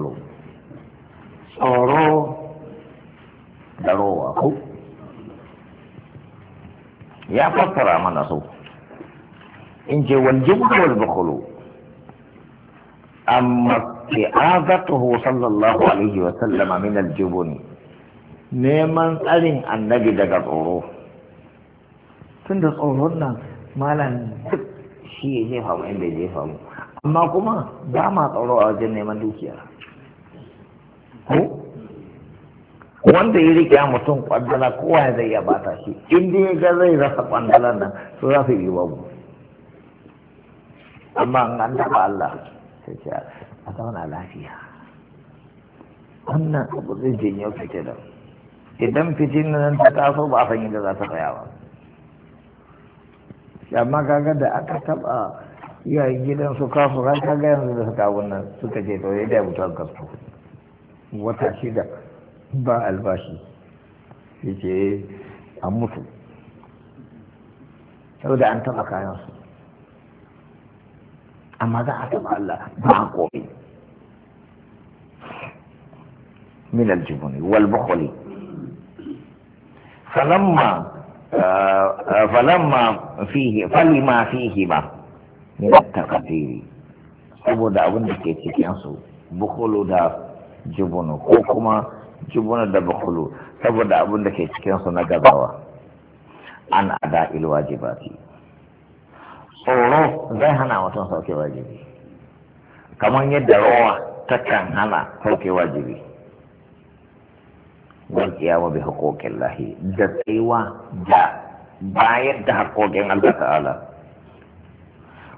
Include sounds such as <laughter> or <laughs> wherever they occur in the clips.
tsoro tsoro da rowa ko ya fassara mana so in ce wal jumhur bukhulu amma ke i'azatuhu sallallahu alaihi wa sallama min al neman tsarin annabi daga tsoro tun da tsoron nan malam duk shi ya jefa mu inda ya jefa mu amma kuma ba ma tsoro a wajen neman dukiya ko wanda ya rike mutum kwandala kowa zai iya bata shi in dai ya ga zai rasa kwandalan nan to za su yi babu amma an taba Allah sai ce a zauna lafiya wannan abu zai janyo fice da idan fitin nan ta taso ba a san yadda za ta tsaya ba amma kaga da aka taba iyayen gidan su kafu ran kaga yanzu da suka abun nan suka ce to ya da mutuwar kasu wata shida ba albashi ya ce an mutu sau da an taɓa kayansu amma za a taɓa Allah ba a komi min aljibuni wal bukhuli falamma falamma fihi falima fihi ba min takafiri saboda abin da ke cikin su bukhulu da jubunu ko kuma jubunu da bakulu saboda abin da ke cikin su na gazawa an ada ce. tsoro zai hana mutum sauke wajibi kamar yadda rawa ta kan hana sauke wajibi wal qiyama bi lahi. da tsaiwa da bayar da haƙoƙin Allah ta'ala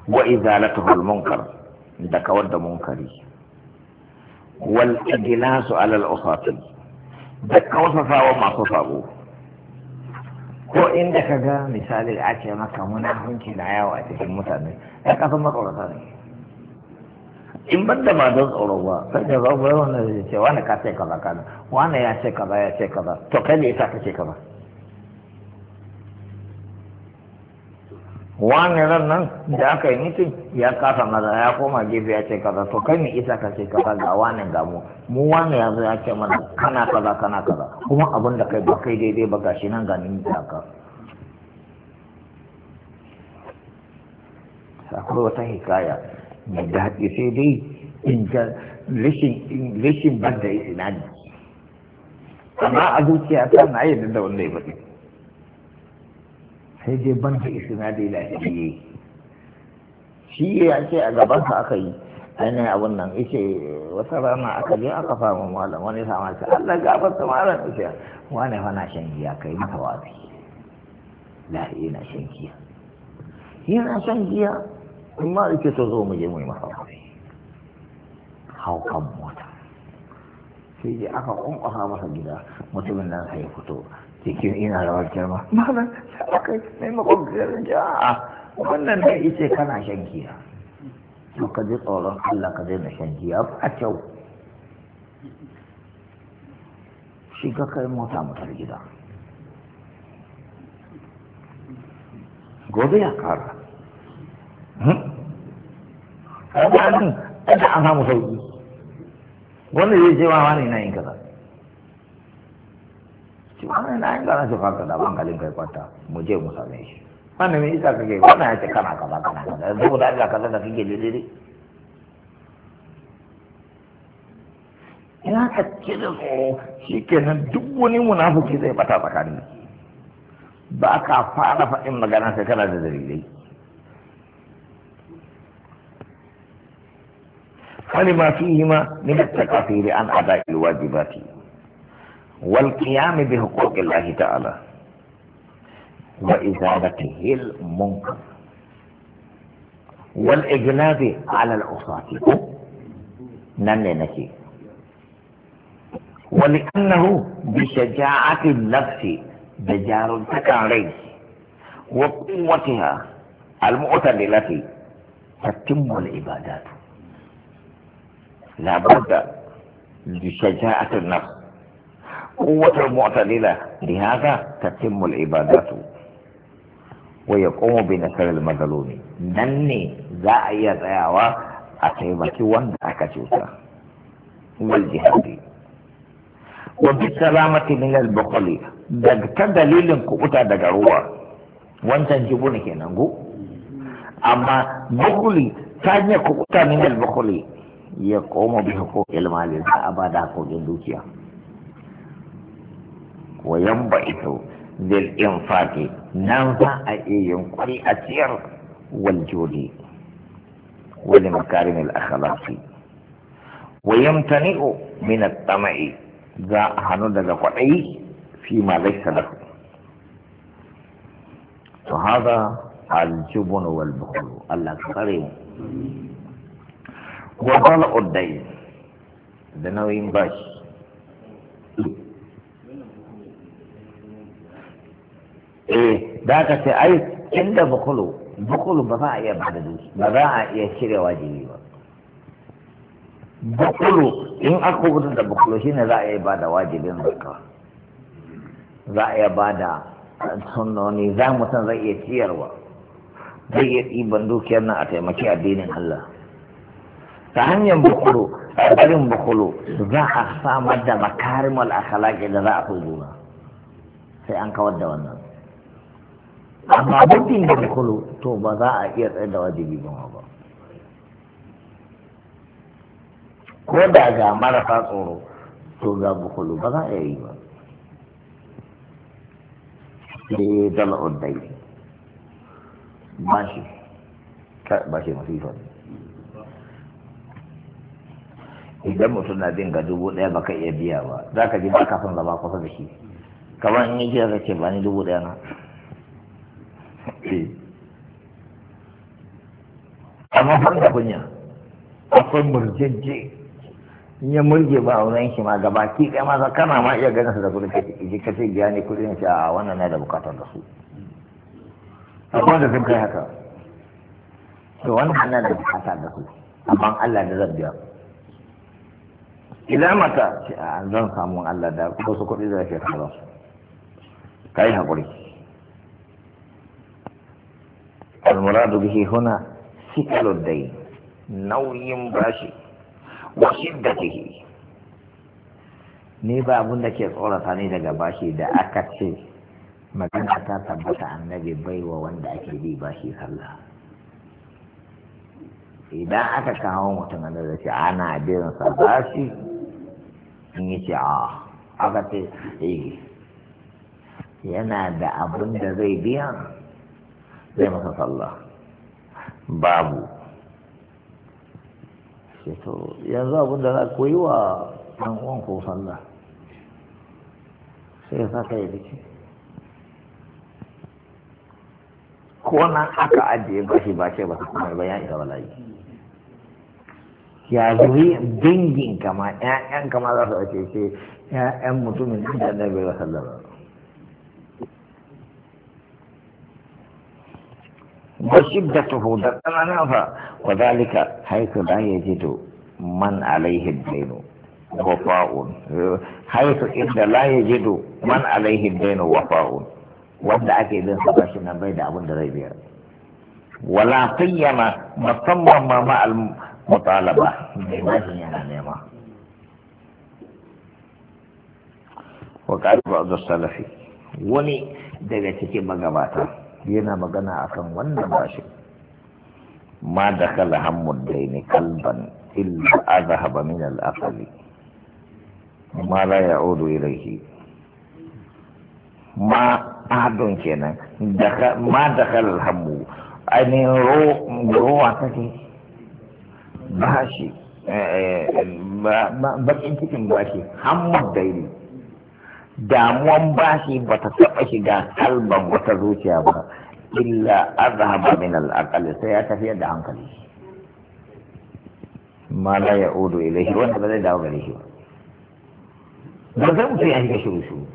wa izalatuhul munkar da kawar da munkari wal ijlasu ala al usati da kausasawa masu sabo ko inda ka ga misali a ce maka muna hunki da yawa a cikin mutane ya kasan matsorata ne in ban da ba don tsoro ba sai da zo wani da zai ce wani ka ce kaza kaza wani ya ce kaza ya ce kaza to kai ne yasa ka ce kaza wani ran nan da aka yi mutum ya kasa maza ya koma gefe ya ce kaza to kai ne isa ka ce kaza ga wani ga mu mu wani ya zo ya ce mana kana kaza kana kaza kuma abin da kai ba kai daidai ba gashi nan ga ni da ka akwai wata hikaya mai daɗi sai dai in rashin ban da isinadi amma a zuciya ta na yi da wanda ya faɗi sai dai ban da isnadi lafiyayye shi ya ce a gabansa aka yi ainihin abun nan ce wata rana aka je aka fama malam wani sama ce Allah gafarta malam ce wani fa na shan giya kai mata wafi lahi na shan giya yana shan giya ma ake to zo mu je mu yi masa wafi hau kan mota sai dai aka kwankwasa masa gida mutumin nan sai fito cikin ina rawar girma malam kai maimakon gidan ja'a wannan ne ice kana shan giya to ka ji tsoron Allah ka daina shan giya ba kyau shi ka kai mota mutar gida gobe ya kara hmm? a da an samu sauki wanda zai ce ma wani na yin kaza ce wannan na yin gana su kwanta da bangalin kai kwata mu je mu same shi wannan mai isa kake wani ya ce kana kaza kana kaza yanzu ku da Allah kaza da kike daidai ina ka cire ko shi kenan duk wani munafuki zai bata tsakanin ba ka fara faɗin magana sai kana da dalilai kalima yi ma min at-takafiri an ada'i wajibati والقيام بحقوق الله تعالى وإزالته المنكر والإجلاب على العصاة نمنك ولأنه بشجاعة النفس بجار تكاري وقوتها التي تتم العبادات لا بد لشجاعة النفس Kuwatar mu'tadila da haka ta cimmul ibadatu wa ya qumu bi nasaril mazlumi dan ne za a iya tsayawa a taimaki wanda aka cuta wal jihadi wa bi salamati min al bukhari daga ta dalilin kuɓuta daga ruwa wancan jibu ne kenan go amma bukhari ta yi kuɓuta min al bukhari ya qumu bi hukuki al mali za a bada hakokin dukiya وينبعث للإنفاق ننفع أي ينقري أسير والجود ولمكارم الأخلاق ويمتنئ من الطمع ذا هنود لقعي فيما ليس له فهذا الجبن والبخل الأكثر وقال الدين da nauyin bashi eh da ka ce ai inda bukulu bukulu ba za a iya bada duki ba za a iya cirewa jini ba bukulu in aka gudu da bukulu shi ne za a iya bada wajibin zaka za a iya bada sunnoni za mutum zai iya ciyarwa zai iya ɗiban dukiyar nan a taimaki addinin Allah ta hanyar bukulu a garin bukulu za a samar da makarimar akhlaqi da za a fi juna sai an kawar da wannan amma mutum da kulu to ba za a iya tsaye da wajibi ba ba ko da ga marasa tsoro to ga bukulu ba za a yi ba eh, ne dala undai ba shi masu yi masifa idan mutum na bin ga dubu ɗaya ba ka iya biya ba za ka ji ba kafin zama kusa da shi kamar in yi jiya ce ba ni dubu ɗaya na amma har da kunya akwai murjejje ya murje ba a wurin shi ma gaba ki kai ma kana ma iya ganin su da kudin kace ki ce biya ne kudin shi a wannan na da bukatar da su akwai da sun kai haka to wannan na da bukatar da su amma Allah da zan biya ila mata ce a zan samu Allah da ko su kudi zai ka ba kai hakuri المراد به هنا sikalun dai nauyin bashi wa ni ba abin da ke tsorata ne daga bashi da aka ce magana ta tabbata annabi baiwa wanda ake bi bashi sallah idan aka kawo mutum da zai ce ana bin sa bashi in yi ce a ah, aka ce eh yana da abun da zai biya zai masa sallah babu to yanzu abin da za ku yi wa ɗan uwan ko sallah sai ya saka ya biki ko nan aka ajiye ba shi ba ce ba su kuma ba ya isa bala'i ya zuri dangin kama ƴaƴan kama za su ake ce ƴaƴan mutumin da na bai wa sallah ba وشدته دتنا نافا وذلك حيث لا يجد من عليه الدين وفاء حيث إذا لا يجد من عليه الدين وفاء wanda ake bin sa bashi nan bai da abin da biyar wala sayyama musamman ma ma al mutalaba mai bashin yana nema wa qala ba'd salafi daga cikin magabata yana magana akan wannan bashi ma da kala hammun daini kalban illa ba min al-aqli ma la ya'udu ilayhi ma adon kenan ma da kala hammu ainihin ruwa take bashi eh, eh, bakin cikin bashi hammun daini damuwan bashi ba ta taɓa shiga kalban wata zuciya ba illa azhaba min al-aqal sai ya tafi da hankali ma la ya'udu ilayhi wanda ba zai dawo gare shi ba ba zai mutu ya shiga shiru shiru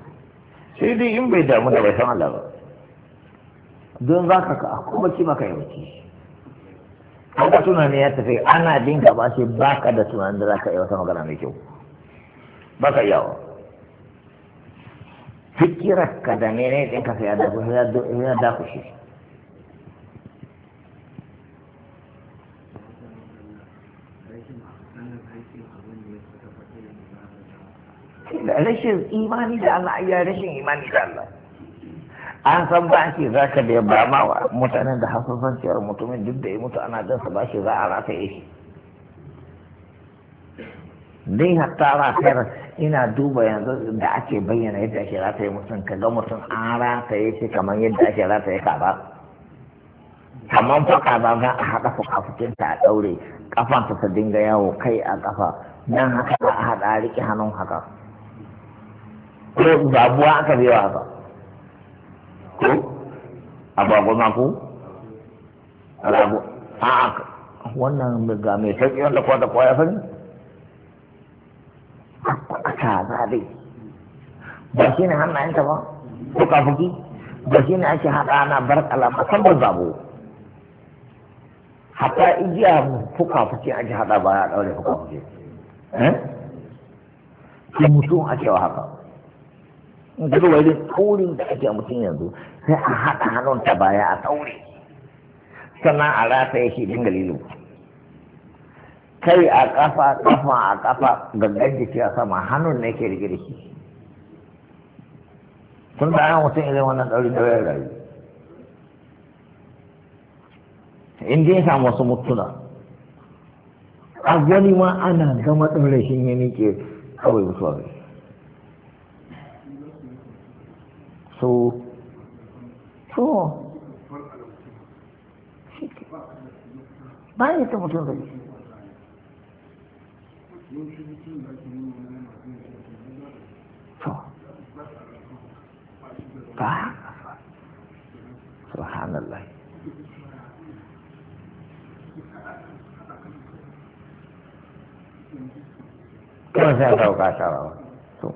sai dai in bai damu da bai san Allah ba don za ka ka kuma ci maka yawanci haka tunanin ya tafi ana dinka ba shi baka da tunanin da za ka yi wata magana mai kyau baka iyawa fikirarka da mene ɗinka sai ya dakushe rashin imani da Allah ya rashin imani da Allah an san ba shi za ka da ya ba ma mutanen da hasassanciyar mutumin duk da ya mutu ana jinsa ba shi za a rataye shi dai hatta rafiyar ina duba yanzu da ake bayyana yadda ake rata rataye mutum ka ga mutum an yi shi kamar yadda ake rata ya kaba kamar fa kaza ga a haɗa fukafukinta a daure, ƙafansa ta dinga yawo kai a ƙafa nan haka ba a haɗa a riƙe hannun haka ko babuwa aka wa haka ko agwagwama ko rago a wannan ga mai sauƙi wanda kwata kwaya sani haka kaza dai ba shi ne hannayenta ba Fuka fuki? ba shi ne ake haɗa ana bar kalama san ba zabo hatta igiya fuka-fuki ake haɗa ba ya ɗaure fuka-fuki ki eh? mutum ake wa haka in ka zuwa irin taurin da ake mutum yanzu sai a haɗa hannun ta baya a taure sannan a rataye shi dinga lilo kai a kafa kafa a kafa gangan jiki a sama hannun ne ke rike da tun da an mutum irin wannan ɗaurin ɗaurin rayu in dai samu wasu mutuna a gani ma ana gama ɗaurin shi ya ke kawai mutuwa ne so to ba ya ta mutum da shi ba subhanallah kan sai sauka sarawa to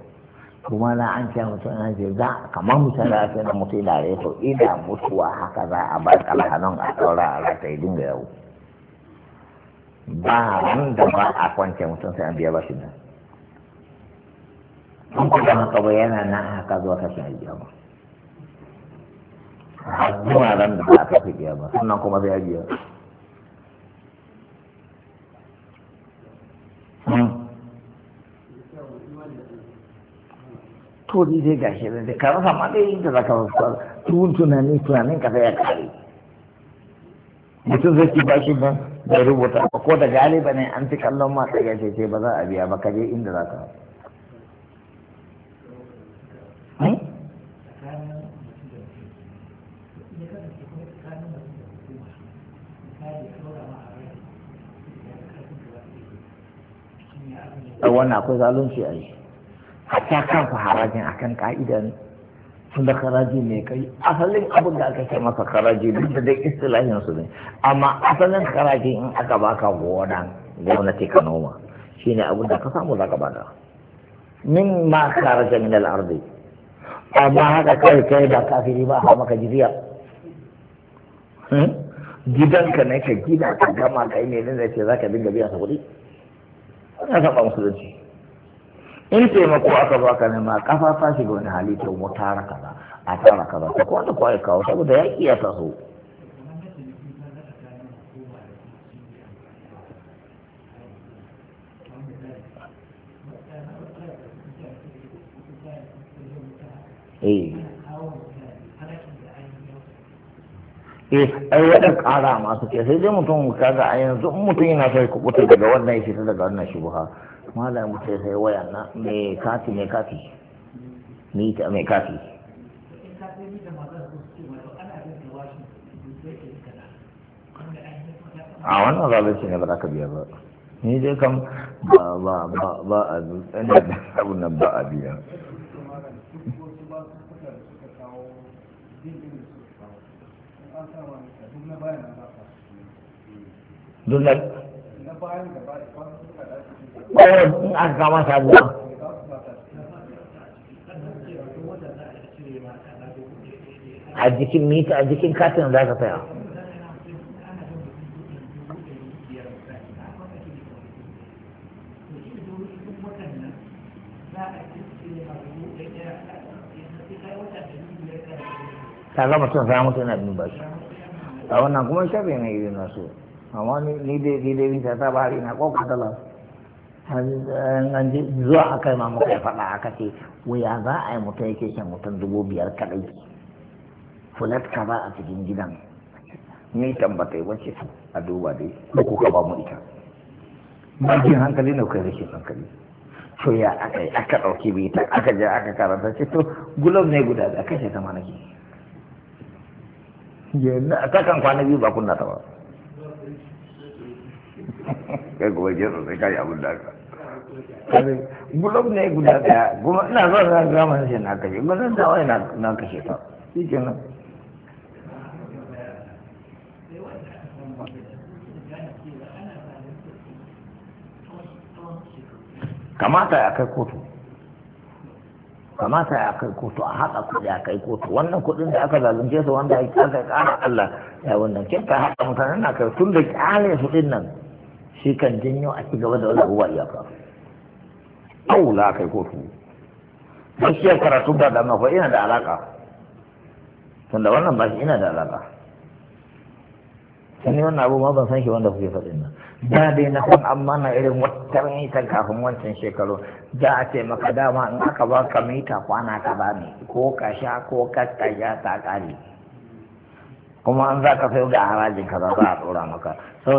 kuma na an ce mutum an ce za kamar misali a sai na mutu ina to ina mutuwa haka za a bar kalhanon a saura a rata ya dinga yau ba wanda ba a kwance mutum sai an biya bashi nan an kuma haka ba yana na haka zuwa kashin biya ba zuwa ran da ba a biya ba sannan kuma zai biya hmm. to ni dai gashi da da ka sama da yin da zaka rasa tun tunani tunanin ka sai ya kare mutum zai ci bashi ba bai rubuta ba ko da galiba ne an fi kallon ma ya ce ce ba za a biya ba ka je inda za ka eh? wannan akwai zalunci a yi hatta kan fa harajin akan ka'idan tunda karaji ne kai asalin abin da aka ce masa karaji duk da dai istilahin su ne amma asalin karaji in aka baka gona gwamnati ka noma shine abin da ka samu zaka bada min ma karaja min al-ardi amma haka kai kai ba kafiri ba ha maka gidan hmm? gidanka ne ka gina ka gama kai ne ne zai ce zaka dinga biya sa kuɗi ana ba musulunci in taimako aka baka ne ma kafa ta shiga wani hali ta mu tara kaza a tara kaza ta kwata kwaye kawo saboda ya iya taso eh, eh ai waɗa ƙara masu ke sai dai mutum kaga a yanzu mutum yana sai kubuta daga wannan shi daga wannan shubuha malam mutai sai waya na mai kati mai kati ni ta mai kati a wannan shi ne ba za ka biya ba ni dai kam ba ba ba ba a ina da abu nan ba a biya duk na bayan ko in aka kama sabuwa a jikin mita a jikin katin za ka saya ta zama mutum sai mutum yana bin shi. a wannan kuma shafe na yi nasu amma ni dai ni dai bisa ta bari na kokata lasu an ji zuwa aka muka mamu faɗa aka ce wuya za a yi mutum yake shan mutum dubu biyar kaɗai fulat ka ba a cikin gidan ni tambata yi wacce a duba dai da kuka ba mu ita bakin hankali na kai rashin hankali to ya aka yi aka ɗauki bita aka je aka karanta ce to gulob ne guda da kashe ta manaki yanzu a takan kwana biyu ba kunna ta ba <laughs> kai gobe jesa sai kai abin da aka gulob ne guda daya kuma ina zuwa za ga mana shi na kashe ba zan dawo ina na kashe ta shi kenan kamata a kai kotu kamata a kai kotu a haɗa kuɗi a kai kotu wannan kuɗin da aka zalunce su wanda aka ƙara Allah ya wannan kin ka haɗa mutanen na kai tun da ƙyale su ɗin nan shi kan janyo a ci gaba da wani abubuwa iyaka aula kai kotu gaskiyar karatu ba da mafa ina da alaka tunda wannan ba shi ina da alaka sani wannan abu ma ban san shi wanda kuke faɗin nan da dai na kun amma na irin wata mita kafin wancan shekaru da a ce maka dama in aka ba ka mita kwana ka ba ne ko ka sha ko ka ta kare kuma an za ka sayo da harajin kaza za a tsora maka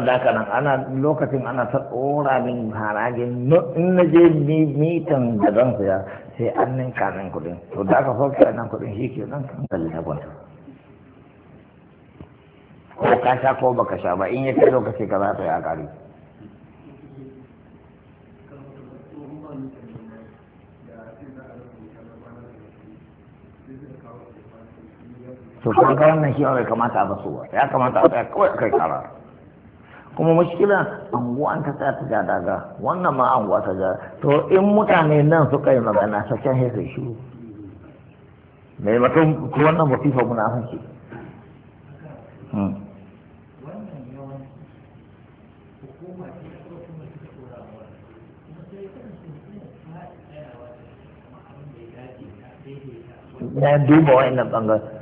da haka nan ana lokacin ana ta tsora min harajin in na je mitan da zan siya sai an ninka nan kuɗin to da aka sauke nan kuɗin shi ke nan kan kalli na kwanta ko ka sha ko baka sha ba in ya kai lokaci ka yi a ƙare to kaga wannan shi bai kamata a basuwa ya kamata a tsaya kawai kai kara kuma mushkila anguwan ta tsaya ta daga wannan ma anguwa ta ja to in mutane nan suka yi magana can sai sai shiru maimakon ko wannan wasifa muna hanci na hmm. duba na bangaren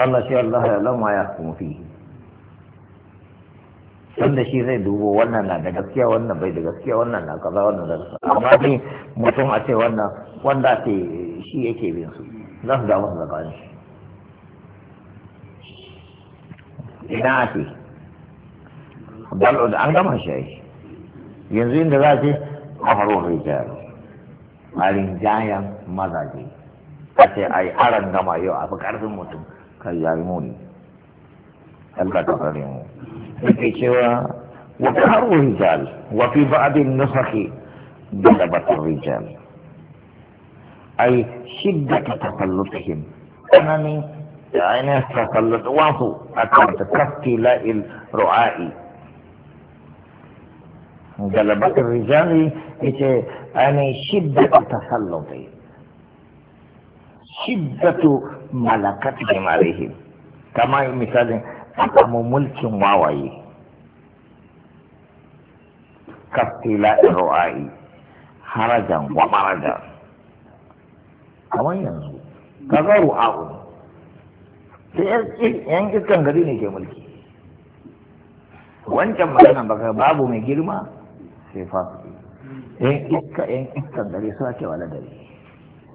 Allah shi Allah ya lama ya kuma fi wanda shi zai dubo wannan na da gaskiya wannan bai da gaskiya wannan na kaza wannan da kaza amma ni mutum a ce wannan wanda ce shi yake bin su za su damu su zakani idan a ce bal'u da an gama shi yanzu inda za a ce a faruwar rijiyar a rinjayen mazaje a ce a yi aran gama yau a fi karfin mutum kai ya yi muni Allah ta tsare mu yake cewa wa qaru rijal wa fi ba'd an-nusakh galabat rijal ay shiddat tafallutihim anani yani tafallut wafu akan takafti la'il ru'a'i galabat rijal yace ani shiddat tafalluti shiddatu malakat jimarihim kama misalin samu mulkin wawaye kastila ru'ayi harajan wa marajan kamar yanzu kaga ru'a'u sai yan iskan gari ne ke mulki wancan magana baka babu mai girma sai fasiki yan iska yan iskan gari suna cewa ladari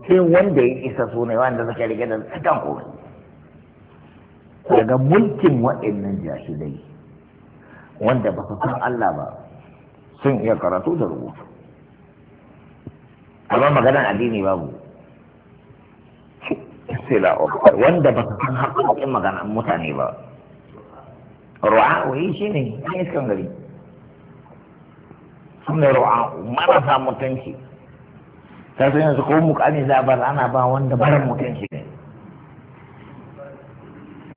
sai wanda ya isa su ne wanda suka rike da tsakan komai daga mulkin waɗannan jahilai wanda ba su san Allah ba sun iya karatu da rubutu amma maganar addini babu sila wanda ba su san haƙoƙin maganar mutane ba ru'a'u shi ne iskan gari sun ne ru'a'u marasa mutunci ta san yanzu ko mukami za a bar ana ba wanda barin mutum ne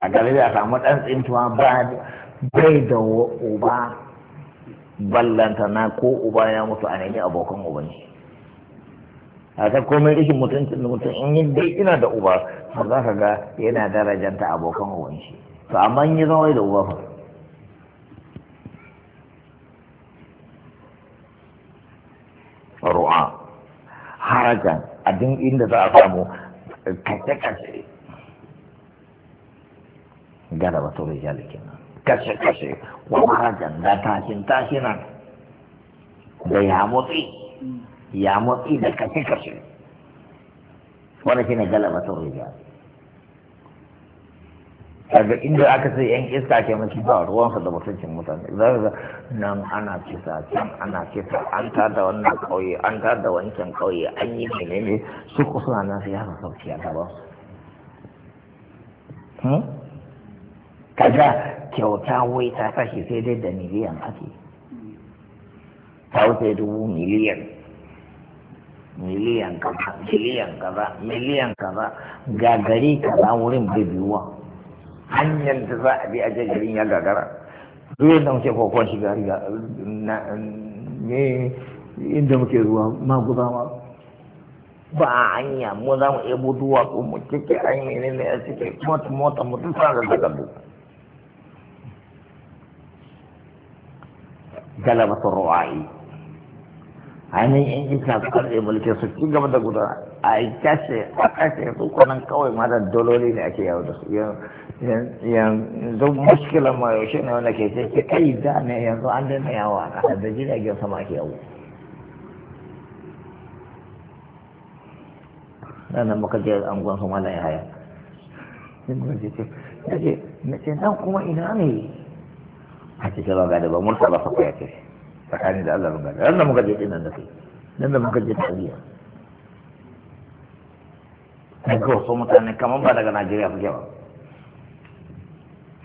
a gare da samu ɗan tsintuwa ba bai da uba ballanta na ko uba ya mutu a nemi abokan uba ne a ta komai rikin mutuncin mutum in yi dai ina da uba ba za ka ga yana darajanta abokan uba ne to amma yi zama da uba fa haja a duk inda za a samu kashe-kashe gara wasu tsoron kenan kashe-kashe wa hajan da tashin tashinan da ya motsi ya motsi da kashe-kashe wani shi ne galaba wasu jali kaga inda aka sai yan iska ke mashi ba sa da mutuncin mutane za ka nan ana kisa can ana kisa an ta da wannan kauye an ta da wancan kauye an yi menene su ku suna nan sai haka sauki a gaba hmm? kaga kyauta wai ta sashi sai dai da miliyan ake ta wuce dubu miliyan miliyan kaza miliyan kaza miliyan kaza ga gari kaza wurin bai biyuwa hanyar da za a bi a ya gagara zuwa yadda muke kokon shiga riga ne inda muke zuwa ma guza ma ba a hanya mu za mu ebo ko mu kike an yi ne a cike mota mota mu duk ga da galabu galabatu ruwa'i hanyar yan isa su karɓe mulki su ci gaba da guda a kashe a kashe su kwanan kawai ma da dololi ne ake yawo da su yanzu muskilan ma yaushe ne wanda ke ce kai da ne yanzu an daina yawa a ƙasa da jiragen sama ke yawo nan muka je angon su mala ya haya na ce nan kuma ina ne a cikin raga da ba mursa ba fa ya ce tsakani da Allah raga da nan muka je dinan da kai nan da muka je tabiya daga wasu mutane kamar ba daga Najeriya kuke ba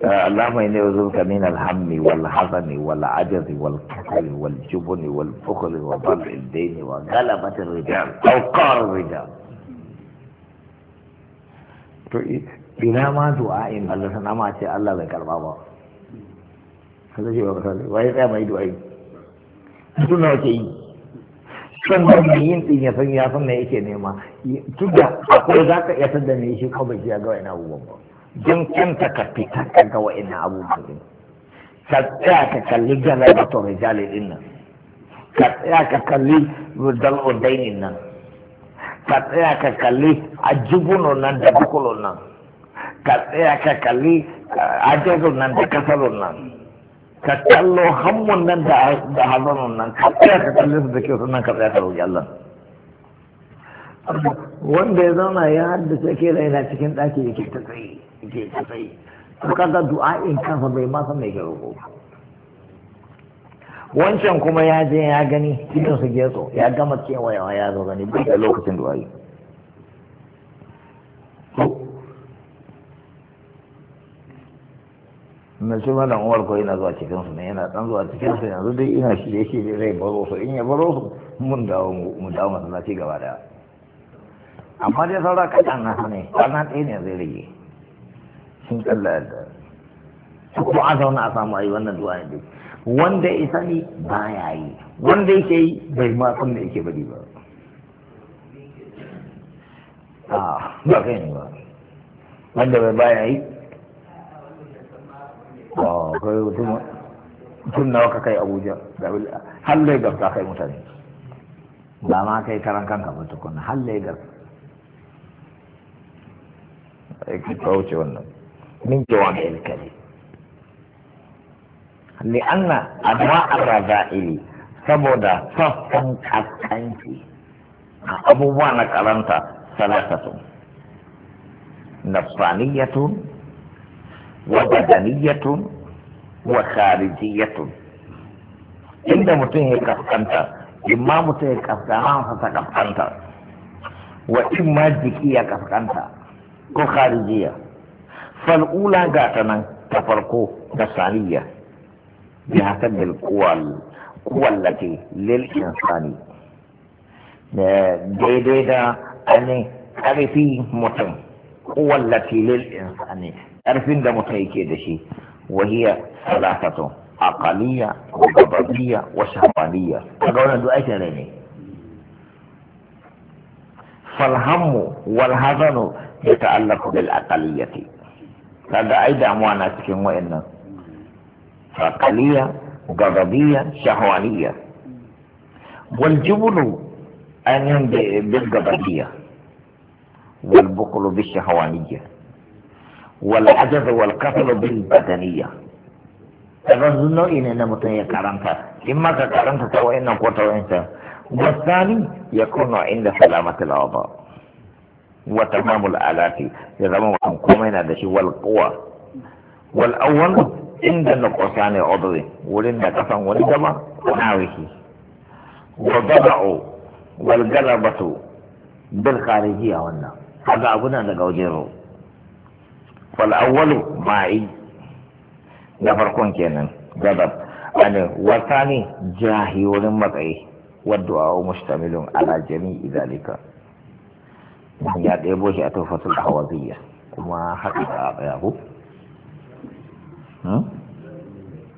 اللهم إني أعوذ من الهم والحزن والعجز والكسل والجبن والبخل وضلع الدين وغلبة الرجال أو قار الرجال to ina ma du'a'in Allah sana ma ce Allah bai karba ba kaza ce ba ka sani wai tsaya mai du'a'i mutum nawa ke yi san ba mai yin din ya san ya san me yake nema tunda akwai zaka iya tada ne shi ko bai ya ga ina abubuwan ba don ka fita ka ga wa'annan abubuwan ka tsaya ka kalli galabatar rijali din nan ka tsaya ka kalli dal'ul dainin nan ka tsaya ka kalli ajibunan nan da bukulun nan ka tsaya ka kalli eh, ajazun nan da kasarun nan ka kallo hammun nan da hazanun nan ka tsaya ka kalli su da kyau sannan ka tsaya ka roƙi Allah wanda ya zauna ya haddace ke da yana cikin ɗaki yake ta tsaye yake ta tsaye to kaga du'a'in kansa bai ma san mai roƙo wancan kuma ya je ya gani idan su getso ya gama cewa ya zo gani duk da lokacin yi na ce mana uwar ko yana zuwa cikin su ne yana dan zuwa cikin su yanzu dai ina shi da shi zai baro su in ya baro su mun dawo mu dawo masallaci gaba daya amma dai saura kaɗan na ne ranar ɗaya ne zai rage sun kalla yadda kuma a zauna a samu ayi wannan du'a ne wanda ya sani baya yi wanda yake yi bai ma san da yake bari ba a ba kai ne ba wanda bai baya yi a kai mutum tun nawa ka kai abuja har lagos ka kai mutane ba ma kai karan kanka ba tukun har lagos ka kauce wannan Nin kiwa min kadi. Ni an na. An wa'a Saboda fa son kaskanci, abubuwan kalanta sana'a tatta. Na fahimiyatu, wa fadaniyatu, wa kharijiyatu. Inda mutum ya kaskanta, imamtu ya kaskanta, wasu ma jiki ya kaskanta ko kharijiya. فالأولى جاتنا تفرقوا دسالية جهة بالقوى القوى التي للإنسان آه، ديديدا أن أرفي متن قوى التي للإنسان أرفين دا متيكي دشي وهي ثلاثة عقلية وغضبية وشهوانية أقولنا دو أي تليني فالهم والهزن يتعلق بالعقلية kaga ai damuwa na cikin wa'annan faqaliya gabadiyya shahwaniya wal jublu da bil gabadiyya wal buklu bi shahwaniya wal ajaz wal kaslu bil badaniya kaga nau'i ne na mutum ya karanta in ma ka karanta ta wa'annan ko ta wa'annan wasani yakunu inda salamatul awda wa tamamul alati ya zama mutum komai na da shi wal quwa wal awwal inda na qasani udri wurin da kafan wani dama nawihi wa daba'u wal galabatu bil kharijiyya wannan kaga abuna daga wajen ro wal awwalu ma'i da farkon kenan gadab ani wasani jahi wurin matsayi wadda a mustamilun ala jami'i zalika ya ɗebo shi a tofatul hawaziyya kuma haɗu da yahu hmm?